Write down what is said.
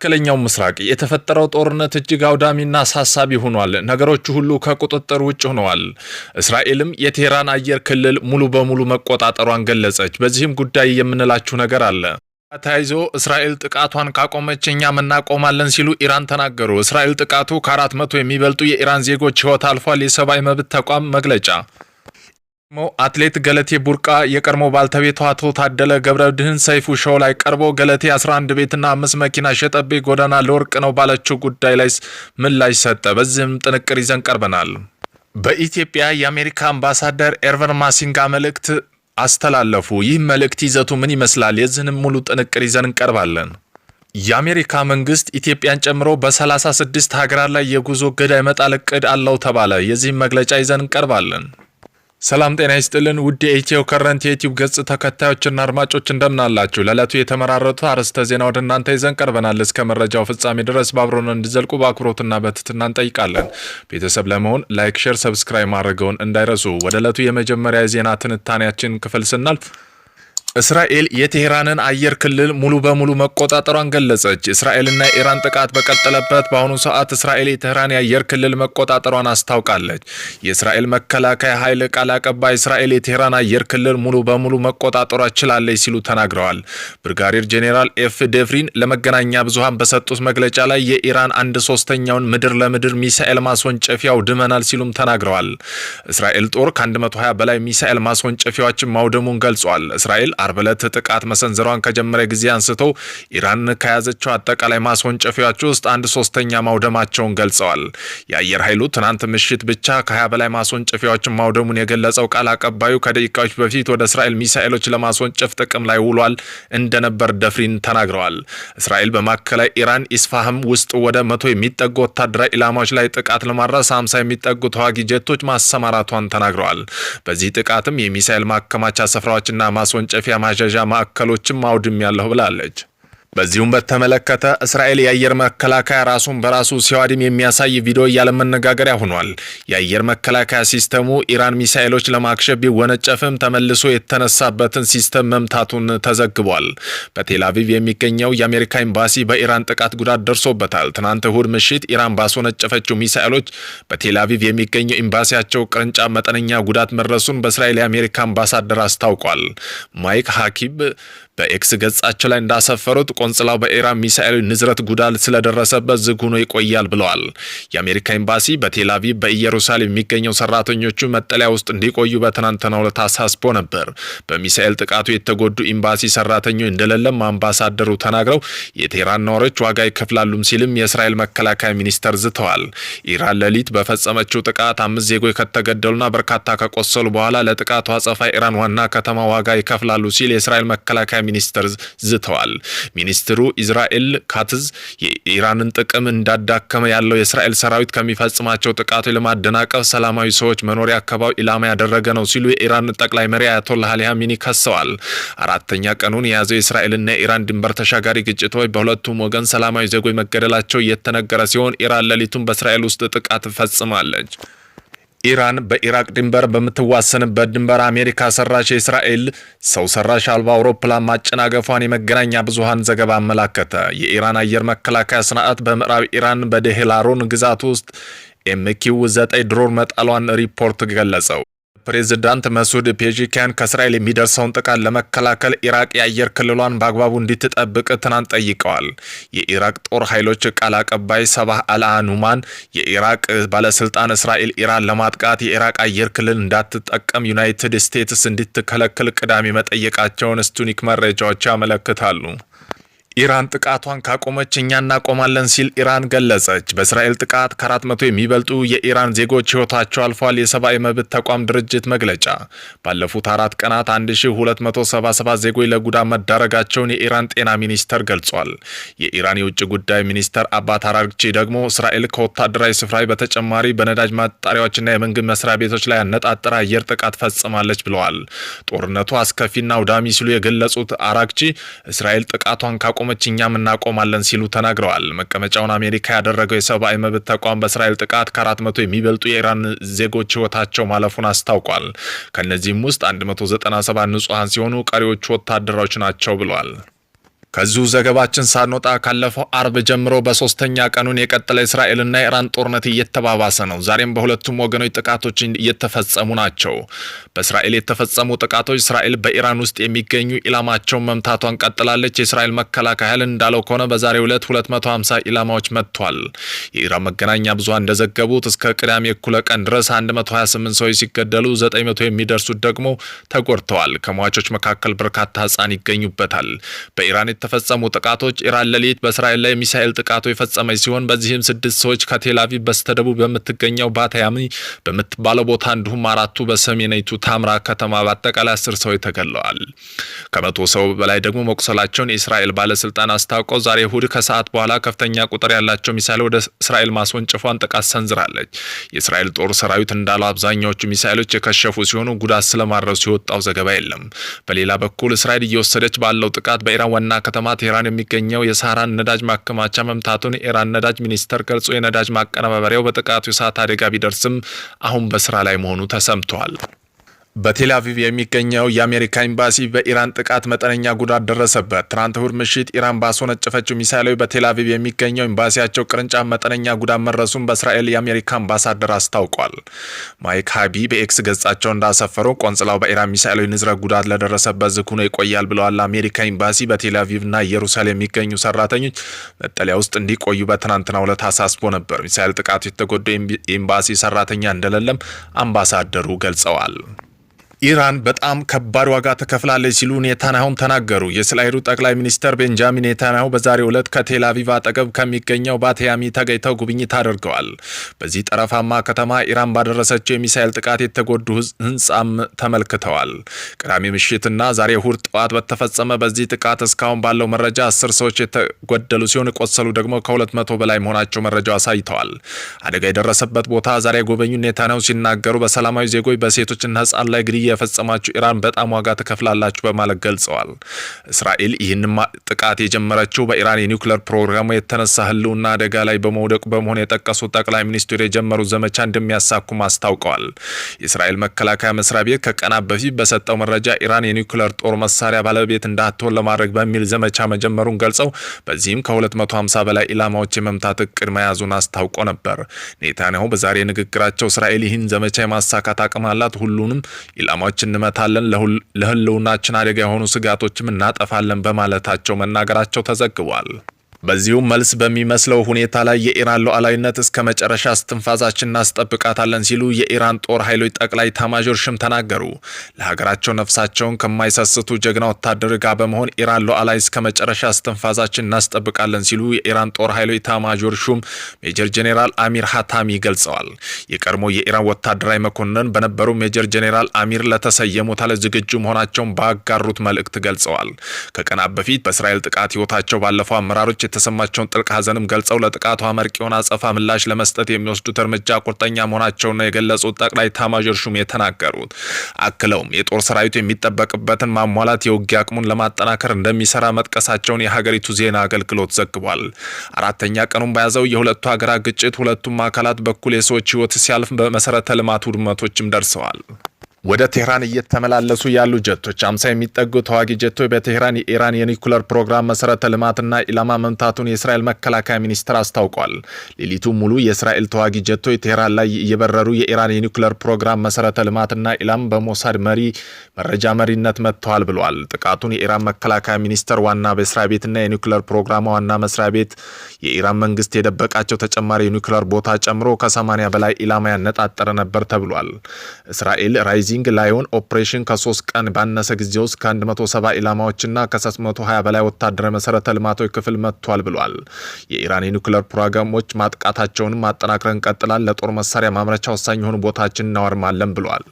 መካከለኛው ምስራቅ የተፈጠረው ጦርነት እጅግ አውዳሚና አሳሳቢ ሆኗል። ነገሮቹ ሁሉ ከቁጥጥር ውጭ ሆነዋል። እስራኤልም የቴህራን አየር ክልል ሙሉ በሙሉ መቆጣጠሯን ገለጸች። በዚህም ጉዳይ የምንላችሁ ነገር አለ። ተያይዞ እስራኤል ጥቃቷን ካቆመች እኛም እናቆማለን ሲሉ ኢራን ተናገሩ። እስራኤል ጥቃቱ ከአራት መቶ የሚበልጡ የኢራን ዜጎች ህይወት አልፏል። የሰብአዊ መብት ተቋም መግለጫ አትሌት ገለቴ ቡርቃ የቀድሞ ባልተቤቷ አቶ ታደለ ገብረ ድህን ሰይፉ ሾው ላይ ቀርቦ ገለቴ 11 ቤትና አምስት መኪና ሸጠቤ ጎዳና ለወርቅ ነው ባለችው ጉዳይ ላይ ምላሽ ሰጠ። በዚህም ጥንቅር ይዘን ቀርበናል። በኢትዮጵያ የአሜሪካ አምባሳደር ኤርቨን ማሲንጋ መልእክት አስተላለፉ። ይህ መልእክት ይዘቱ ምን ይመስላል? የዚህንም ሙሉ ጥንቅር ይዘን እንቀርባለን። የአሜሪካ መንግስት ኢትዮጵያን ጨምሮ በ36 ሀገራት ላይ የጉዞ እገዳ የመጣል እቅድ አለው ተባለ። የዚህም መግለጫ ይዘን እንቀርባለን። ሰላም ጤና ይስጥልን ውድ የኢትዮ ከረንት የዩቲዩብ ገጽ ተከታዮችና አድማጮች እንደምናላችሁ። ለዕለቱ የተመራረጡ አርዕስተ ዜና ወደ እናንተ ይዘን ቀርበናል። እስከ መረጃው ፍጻሜ ድረስ በአብሮን እንዲዘልቁ በአክብሮትና በትትና እንጠይቃለን። ቤተሰብ ለመሆን ላይክ፣ ሼር፣ ሰብስክራይብ ማድረገውን እንዳይረሱ። ወደ ዕለቱ የመጀመሪያ የዜና ትንታኔያችን ክፍል ስናልፍ እስራኤል የቴሄራንን አየር ክልል ሙሉ በሙሉ መቆጣጠሯን ገለጸች። እስራኤልና የኢራን ጥቃት በቀጠለበት በአሁኑ ሰዓት እስራኤል የቴሄራን የአየር ክልል መቆጣጠሯን አስታውቃለች። የእስራኤል መከላከያ ኃይል ቃል አቀባይ እስራኤል የቴሄራን አየር ክልል ሙሉ በሙሉ መቆጣጠሯ ችላለች ሲሉ ተናግረዋል። ብርጋዴር ጄኔራል ኤፍ ደፍሪን ለመገናኛ ብዙሃን በሰጡት መግለጫ ላይ የኢራን አንድ ሶስተኛውን ምድር ለምድር ሚሳኤል ማስወንጨፊያ አውድመናል ሲሉም ተናግረዋል። እስራኤል ጦር ከ120 በላይ ሚሳኤል ማስወንጨፊያዎችን ማውደሙን ገልጿል። እስራኤል አርብ ዕለት ጥቃት መሰንዘሯን ከጀመረ ጊዜ አንስቶ ኢራን ከያዘቸው አጠቃላይ ማስወንጨፊያዎች ውስጥ አንድ ሶስተኛ ማውደማቸውን ገልጸዋል። የአየር ኃይሉ ትናንት ምሽት ብቻ ከ20 በላይ ማስወንጨፊያዎችን ማውደሙን የገለጸው ቃል አቀባዩ ከደቂቃዎች በፊት ወደ እስራኤል ሚሳኤሎች ለማስወንጨፍ ጥቅም ላይ ውሏል እንደነበር ደፍሪን ተናግረዋል። እስራኤል በማዕከላዊ ኢራን ኢስፋህም ውስጥ ወደ መቶ የሚጠጉ ወታደራዊ ኢላማዎች ላይ ጥቃት ለማድረስ 50 የሚጠጉ ተዋጊ ጀቶች ማሰማራቷን ተናግረዋል። በዚህ ጥቃትም የሚሳኤል ማከማቻ ስፍራዎችና ማስወንጨፊ ማረፊያ ማዣዣ ማዕከሎችም አውድም ያለሁ ብላለች። በዚሁም በተመለከተ እስራኤል የአየር መከላከያ ራሱን በራሱ ሲያወድም የሚያሳይ ቪዲዮ ያለመነጋገሪያ ሆኗል። የአየር መከላከያ ሲስተሙ ኢራን ሚሳኤሎች ለማክሸፍ ቢወነጨፍም ተመልሶ የተነሳበትን ሲስተም መምታቱን ተዘግቧል። በቴላቪቭ የሚገኘው የአሜሪካ ኤምባሲ በኢራን ጥቃት ጉዳት ደርሶበታል። ትናንት እሁድ ምሽት ኢራን ባስወነጨፈችው ሚሳኤሎች በቴላቪቭ የሚገኘው ኤምባሲያቸው ቅርንጫፍ መጠነኛ ጉዳት መድረሱን በእስራኤል የአሜሪካ አምባሳደር አስታውቋል። ማይክ ሀኪብ በኤክስ ገጻቸው ላይ እንዳሰፈሩት ቆንጽላው በኢራን ሚሳኤል ንዝረት ጉዳት ስለደረሰበት ዝግ ሆኖ ይቆያል ብለዋል። የአሜሪካ ኤምባሲ በቴላቪቭ በኢየሩሳሌም የሚገኘው ሰራተኞቹ መጠለያ ውስጥ እንዲቆዩ በትናንትናው ዕለት አሳስቦ ነበር። በሚሳኤል ጥቃቱ የተጎዱ ኤምባሲ ሰራተኞች እንደሌለም አምባሳደሩ ተናግረው የቴህራን ነዋሪዎች ዋጋ ይከፍላሉም ሲልም የእስራኤል መከላከያ ሚኒስተር ዝተዋል። ኢራን ሌሊት በፈጸመችው ጥቃት አምስት ዜጎች ከተገደሉና በርካታ ከቆሰሉ በኋላ ለጥቃቱ አጸፋ ኢራን ዋና ከተማ ዋጋ ይከፍላሉ ሲል የእስራኤል መከላከያ ሚኒስተር ዝተዋል። ሚኒስትሩ ኢዝራኤል ካትዝ የኢራንን ጥቅም እንዳዳከመ ያለው የእስራኤል ሰራዊት ከሚፈጽማቸው ጥቃቶች ለማደናቀፍ ሰላማዊ ሰዎች መኖሪያ አካባቢ ኢላማ ያደረገ ነው ሲሉ የኢራን ጠቅላይ መሪ አያቶላህ አሊ ሚኒ ከሰዋል። አራተኛ ቀኑን የያዘው የእስራኤልና የኢራን ድንበር ተሻጋሪ ግጭቶች በሁለቱም ወገን ሰላማዊ ዜጎች መገደላቸው እየተነገረ ሲሆን ኢራን ሌሊቱን በእስራኤል ውስጥ ጥቃት ፈጽማለች። ኢራን በኢራቅ ድንበር በምትዋሰንበት ድንበር አሜሪካ ሰራሽ የእስራኤል ሰው ሰራሽ አልባ አውሮፕላን ማጨናገፏን የመገናኛ ብዙሃን ዘገባ አመላከተ። የኢራን አየር መከላከያ ስርዓት በምዕራብ ኢራን በደሄላሮን ግዛት ውስጥ ኤምኪው ዘጠኝ ድሮን መጣሏን ሪፖርት ገለጸው። ፕሬዚዳንት መሱድ ፔጂኪያን ከእስራኤል የሚደርሰውን ጥቃት ለመከላከል ኢራቅ የአየር ክልሏን በአግባቡ እንድትጠብቅ ትናንት ጠይቀዋል። የኢራቅ ጦር ኃይሎች ቃል አቀባይ ሰባህ አልአኑማን የኢራቅ ባለስልጣን እስራኤል ኢራን ለማጥቃት የኢራቅ አየር ክልል እንዳትጠቀም ዩናይትድ ስቴትስ እንድትከለክል ቅዳሜ መጠየቃቸውን ስቱኒክ መረጃዎች ያመለክታሉ። ኢራን ጥቃቷን ካቆመች እኛ እናቆማለን ሲል ኢራን ገለጸች። በእስራኤል ጥቃት ከአራት መቶ የሚበልጡ የኢራን ዜጎች ሕይወታቸው አልፏል። የሰብአዊ መብት ተቋም ድርጅት መግለጫ ባለፉት አራት ቀናት 1277 ዜጎች ለጉዳ መዳረጋቸውን የኢራን ጤና ሚኒስተር ገልጿል። የኢራን የውጭ ጉዳይ ሚኒስተር አባት አራግቺ ደግሞ እስራኤል ከወታደራዊ ስፍራ በተጨማሪ በነዳጅ ማጣሪያዎችና የመንግስት መስሪያ ቤቶች ላይ ያነጣጠረ አየር ጥቃት ፈጽማለች ብለዋል። ጦርነቱ አስከፊና አውዳሚ ሲሉ የገለጹት አራግቺ እስራኤል ጥቃቷን ካቆመ ከቆመች እኛም እናቆማለን ሲሉ ተናግረዋል። መቀመጫውን አሜሪካ ያደረገው የሰብአዊ መብት ተቋም በእስራኤል ጥቃት ከአራት መቶ የሚበልጡ የኢራን ዜጎች ህይወታቸው ማለፉን አስታውቋል። ከእነዚህም ውስጥ 197 ንጹሐን ሲሆኑ ቀሪዎቹ ወታደሮች ናቸው ብሏል። ከዚሁ ዘገባችን ሳንወጣ ካለፈው አርብ ጀምሮ በሶስተኛ ቀኑን የቀጠለ እስራኤልና ኢራን ጦርነት እየተባባሰ ነው። ዛሬም በሁለቱም ወገኖች ጥቃቶች እየተፈጸሙ ናቸው። በእስራኤል የተፈጸሙ ጥቃቶች እስራኤል በኢራን ውስጥ የሚገኙ ኢላማቸውን መምታቷን ቀጥላለች። የእስራኤል መከላከያ ኃይል እንዳለው ከሆነ በዛሬ ሁለት 250 ኢላማዎች መጥቷል። የኢራን መገናኛ ብዙሃን እንደዘገቡት እስከ ቅዳሜ እኩለ ቀን ድረስ 128 ሰዎች ሲገደሉ 900 የሚደርሱት ደግሞ ተጎድተዋል። ከሟቾች መካከል በርካታ ህፃን ይገኙበታል። በኢራን የተፈጸሙ ጥቃቶች ኢራን ሌሊት በእስራኤል ላይ ሚሳኤል ጥቃቶ የፈጸመች ሲሆን በዚህም ስድስት ሰዎች ከቴላቪቭ በስተደቡብ በምትገኘው ባታያሚ በምትባለው ቦታ እንዲሁም አራቱ በሰሜናዊቱ ታምራ ከተማ በአጠቃላይ አስር ሰዎች ተገለዋል። ከመቶ ሰው በላይ ደግሞ መቁሰላቸውን የእስራኤል ባለስልጣን አስታውቀው ዛሬ እሁድ ከሰዓት በኋላ ከፍተኛ ቁጥር ያላቸው ሚሳኤል ወደ እስራኤል ማስወንጭፏን ጥቃት ሰንዝራለች። የእስራኤል ጦር ሰራዊት እንዳለው አብዛኛዎቹ ሚሳኤሎች የከሸፉ ሲሆኑ ጉዳት ስለማድረሱ የወጣው ዘገባ የለም። በሌላ በኩል እስራኤል እየወሰደች ባለው ጥቃት በኢራን ዋና ከተማ ቴህራን የሚገኘው የሳራን ነዳጅ ማከማቻ መምታቱን የኢራን ነዳጅ ሚኒስተር ገልጾ የነዳጅ ማቀነባበሪያው በጥቃቱ የእሳት አደጋ ቢደርስም አሁን በስራ ላይ መሆኑ ተሰምቷል። በቴል አቪቭ የሚገኘው የአሜሪካ ኤምባሲ በኢራን ጥቃት መጠነኛ ጉዳት ደረሰበት። ትናንት እሁድ ምሽት ኢራን ባስወነጨፈችው ሚሳይላዊ በቴል አቪቭ የሚገኘው ኤምባሲያቸው ቅርንጫፍ መጠነኛ ጉዳት መድረሱን በእስራኤል የአሜሪካ አምባሳደር አስታውቋል። ማይክ ሃቢ በኤክስ ገጻቸው እንዳሰፈረው ቆንጽላው በኢራን ሚሳይላዊ ንዝረት ጉዳት ለደረሰበት ዝግ ሆኖ ይቆያል ብለዋል። አሜሪካ ኤምባሲ በቴል አቪቭና ኢየሩሳሌም የሚገኙ ሰራተኞች መጠለያ ውስጥ እንዲቆዩ በትናንትናው ዕለት አሳስቦ ነበር። ሚሳይል ጥቃቱ የተጎዳው ኤምባሲ ሰራተኛ እንደሌለም አምባሳደሩ ገልጸዋል። ኢራን በጣም ከባድ ዋጋ ተከፍላለች ሲሉ ኔታንያሁን ተናገሩ። የእስራኤሉ ጠቅላይ ሚኒስትር ቤንጃሚን ኔታንያሁ በዛሬው ዕለት ከቴል አጠገብ ከሚገኘው ባትያሚ ተገኝተው ጉብኝት አድርገዋል። በዚህ ጠረፋማ ከተማ ኢራን ባደረሰችው የሚሳኤል ጥቃት የተጎዱ ህንጻም ተመልክተዋል። ቅዳሜ ምሽትና ዛሬ እሁድ ጠዋት በተፈጸመ በዚህ ጥቃት እስካሁን ባለው መረጃ አስር ሰዎች የተጎደሉ ሲሆን የቆሰሉ ደግሞ ከሁለት መቶ በላይ መሆናቸው መረጃው አሳይተዋል። አደጋ የደረሰበት ቦታ ዛሬ የጎበኙ ኔታንያሁ ሲናገሩ በሰላማዊ ዜጎች በሴቶችና ህጻን ላይ ግድያ የፈጸማችሁ ኢራን በጣም ዋጋ ትከፍላላችሁ በማለት ገልጸዋል። እስራኤል ይህን ጥቃት የጀመረችው በኢራን የኒውክሌር ፕሮግራሙ የተነሳ ህልውና አደጋ ላይ በመውደቁ በመሆን የጠቀሱት ጠቅላይ ሚኒስትሩ የጀመሩት ዘመቻ እንደሚያሳኩም አስታውቀዋል። የእስራኤል መከላከያ መስሪያ ቤት ከቀናት በፊት በሰጠው መረጃ ኢራን የኒውክሌር ጦር መሳሪያ ባለቤት እንዳትሆን ለማድረግ በሚል ዘመቻ መጀመሩን ገልጸው በዚህም ከ250 በላይ ኢላማዎች የመምታት እቅድ መያዙን አስታውቆ ነበር። ኔታንያሁ በዛሬ ንግግራቸው እስራኤል ይህን ዘመቻ የማሳካት አቅም አላት፣ ሁሉንም ኢላማ ኢላማዎች እንመታለን፣ ለህልውናችን አደጋ የሆኑ ስጋቶችም እናጠፋለን በማለታቸው መናገራቸው ተዘግቧል። በዚሁም መልስ በሚመስለው ሁኔታ ላይ የኢራን ሉዓላዊነት እስከ መጨረሻ እስትንፋሳችን እናስጠብቃታለን ሲሉ የኢራን ጦር ኃይሎች ጠቅላይ ኤታማዦር ሹም ተናገሩ። ለሀገራቸው ነፍሳቸውን ከማይሰስቱ ጀግና ወታደር ጋር በመሆን ኢራን ሉዓላዊ እስከ መጨረሻ እስትንፋሳችን እናስጠብቃለን ሲሉ የኢራን ጦር ኃይሎች ኤታማዦር ሹም ሜጀር ጄኔራል አሚር ሀታሚ ገልጸዋል። የቀድሞ የኢራን ወታደራዊ መኮንን በነበሩ ሜጀር ጄኔራል አሚር ለተሰየሙ ታለ ዝግጁ መሆናቸውን ባጋሩት መልእክት ገልጸዋል። ከቀናት በፊት በእስራኤል ጥቃት ህይወታቸው ባለፈው አመራሮች የተሰማቸውን ጥልቅ ሐዘንም ገልጸው ለጥቃቱ የሆነ አጸፋ ምላሽ ለመስጠት የሚወስዱት እርምጃ ቁርጠኛ መሆናቸውን የገለጹት ጠቅላይ ኤታማዦር ሹም የተናገሩት አክለውም የጦር ሰራዊቱ የሚጠበቅበትን ማሟላት የውጊያ አቅሙን ለማጠናከር እንደሚሰራ መጥቀሳቸውን የሀገሪቱ ዜና አገልግሎት ዘግቧል። አራተኛ ቀኑን በያዘው የሁለቱ ሀገራት ግጭት ሁለቱም አካላት በኩል የሰዎች ህይወት ሲያልፍ በመሰረተ ልማት ውድመቶችም ደርሰዋል። ወደ ቴህራን እየተመላለሱ ያሉ ጀቶች አምሳ የሚጠጉ ተዋጊ ጀቶች በቴህራን የኢራን የኒኩለር ፕሮግራም መሰረተ ልማትና ኢላማ መምታቱን የእስራኤል መከላከያ ሚኒስትር አስታውቋል። ሌሊቱ ሙሉ የእስራኤል ተዋጊ ጀቶች ቴህራን ላይ እየበረሩ የኢራን የኒኩለር ፕሮግራም መሰረተ ልማትና ኢላም በሞሳድ መሪ መረጃ መሪነት መጥተዋል ብሏል። ጥቃቱን የኢራን መከላከያ ሚኒስቴር ዋና መስሪያ ቤትና የኒኩለር ፕሮግራም ዋና መስሪያ ቤት የኢራን መንግስት የደበቃቸው ተጨማሪ የኒኩለር ቦታ ጨምሮ ከ80 በላይ ኢላማ ያነጣጠረ ነበር ተብሏል። እስራኤል ራይዝ ቤጂንግ ላዮን ኦፕሬሽን ከሶስት ቀን ባነሰ ጊዜ ውስጥ ከ170 ኢላማዎችና ከ320 በላይ ወታደራዊ መሰረተ ልማቶች ክፍል መጥቷል ብሏል። የኢራን የኒውክሌር ፕሮግራሞች ማጥቃታቸውንም ማጠናክረን ቀጥላል፣ ለጦር መሳሪያ ማምረቻ ወሳኝ የሆኑ ቦታችን እናወርማለን ብሏል።